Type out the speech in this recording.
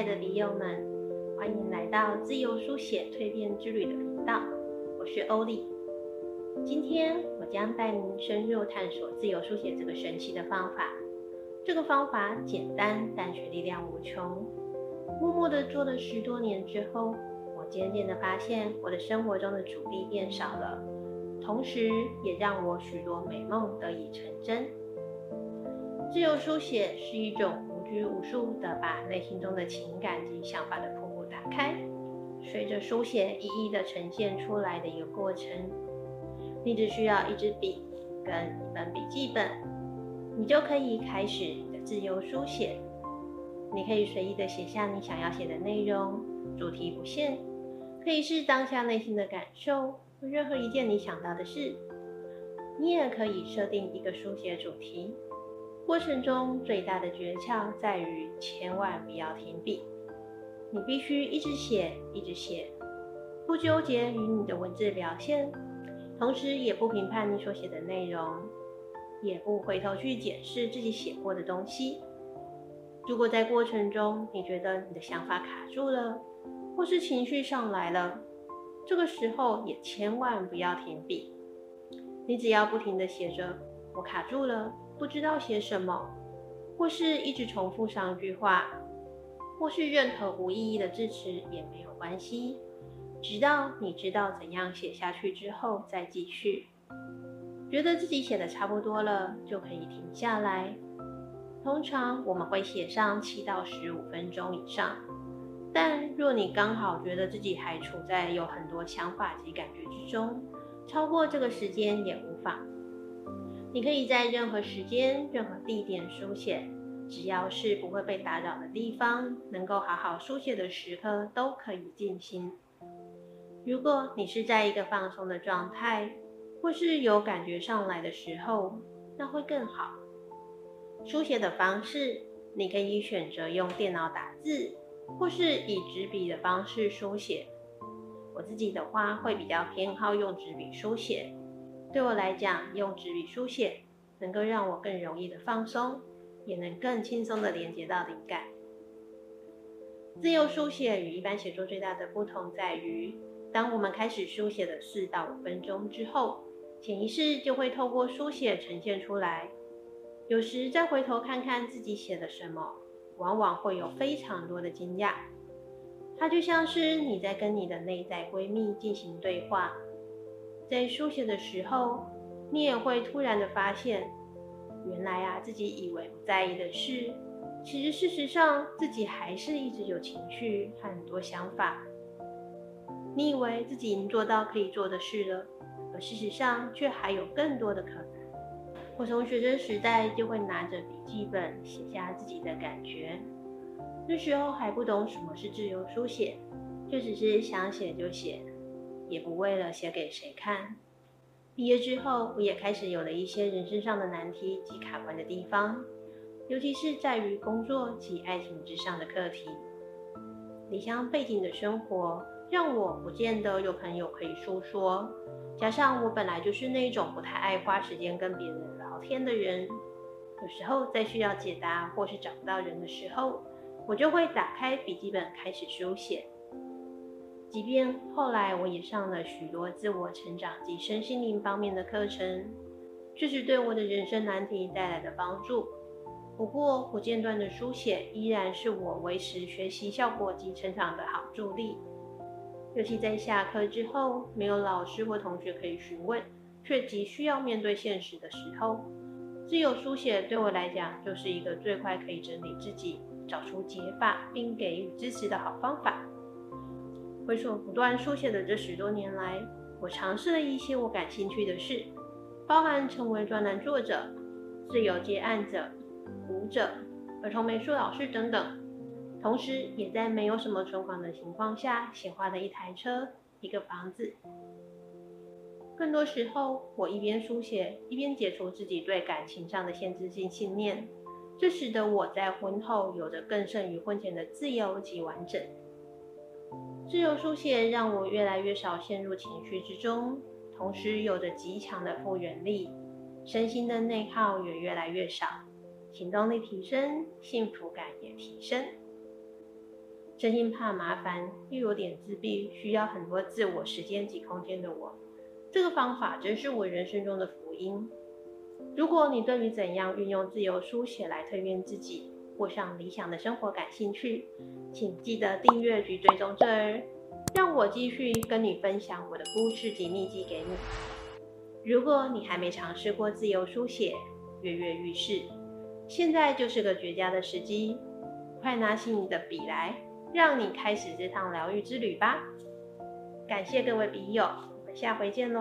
親愛的筆友們，歡迎來到自由書寫蛻變之旅的頻道。我是歐麗，今天我將帶您深入探索自由書寫這個神奇的方法。這個方法簡單，但卻力量無窮。默默的做了十多年之後，我漸漸的發現，我的生活中的阻力變少了，同時也讓我許多美夢得以成真。自由書寫是一種無拘無束地把內心中的情感及想法的瀑布打開，隨着書寫一一的呈現出來的一個過程。你只需要一支筆跟一本筆記本，你就可以開始你的自由書寫。你可以隨意的寫下你想要寫的內容，主題不限，可以是當下內心的感受和任何一件你想到的事。你也可以設定一個書寫主題。過程中最大的訣竅在於千萬不要停筆，你必須一直寫，一直寫，不糾結於你的文字表現，同時也不評判你所寫的內容，也不回頭去檢視自己寫過的東西。如果在過程中你覺得你的想法卡住了，或是情緒上來了，這個時候也千萬不要停筆，你只要不停的寫着，我卡住了。不知道寫什麼，或是一直重複上一句話，或是任何無意義的字詞也沒有關係，直到你知道怎樣寫下去之後再繼續。覺得自己寫的差不多了，就可以停下來。通常我們會寫上七到十五分鐘以上，但若你剛好覺得自己還處在有很多想法及感覺之中，超過這個時間也無妨。你可以在任何時間、任何地點書寫，只要是不會被打擾的地方，能夠好好書寫的時刻都可以進行。如果你是在一個放鬆的狀態，或是有感覺上來的時候，那會更好。書寫的方式，你可以選擇用電腦打字，或是以紙筆的方式書寫。我自己的話，會比較偏好用紙筆書寫。對我來講，用紙筆書寫能夠讓我更容易地放鬆，也能更輕鬆地連接到靈感。自由書寫與一般寫作最大的不同在於，當我們開始書寫的四到五分鐘之後，潛意識就會透過書寫呈現出來。有時再回頭看看自己寫的什麼，往往會有非常多的驚訝。它就像是你在跟你的內在閨蜜進行對話。在書寫的時候，你也會突然的發現，原來啊，自己以為不在意的事，其實事實上自己還是一直有情緒和很多想法。你以為自己已經做到可以做的事了，而事實上卻還有更多的可能。我從學生時代就會拿着筆記本寫下自己的感覺，那時候還不懂什麼是自由書寫，就只是想寫就寫。也不為了寫給誰看。畢業之後，我也開始有了一些人生上的難題及卡關的地方，尤其是在於工作及愛情之上的課題。離鄉背井的生活，讓我不見得有朋友可以訴說，加上我本來就是那種不太愛花時間跟別人聊天的人，有時候在需要解答或是找不到人的時候，我就會打開筆記本開始書寫。即便後來我也上了許多自我成長及身心靈方面的課程，確實對我的人生難題帶來的幫助。不過，不間斷的書寫依然是我維持學習效果及成長的好助力。尤其在下課之後，沒有老師或同學可以詢問，卻急需要面對現實的時候，自由書寫對我來講就是一個最快可以整理自己、找出解法並給予支持的好方法。為所不斷書寫的這十多年來，我嘗試了一些我感興趣的事，包含成為專欄作者、自由接案者、舞者、兒童美術老師等等。同時，也在沒有什麼存款的情況下，顯化了一台車、一個房子。更多時候，我一邊書寫，一邊解除自己對感情上的限制性信念，這使得我在婚後有着更勝於婚前的自由及完整。自由書寫讓我越來越少陷入情緒之中，同時有着極強的復原力，身心的內耗也越來越少，行動力提升，幸福感也提升。真心怕麻煩，又有點自閉，需要很多自我時間及空間的我，這個方法真是我人生中的福音。如果你對於怎樣運用自由書寫來蛻變自己，過上理想的生活感興趣，請記得訂閱與追蹤這兒，讓我繼續跟你分享我的故事及秘籍給你。如果你還沒嘗試過自由書寫，躍躍欲試，現在就是個絕佳的時機，快拿起你的筆來，讓你開始這趟療癒之旅吧！感謝各位筆友，我們下回見嘍！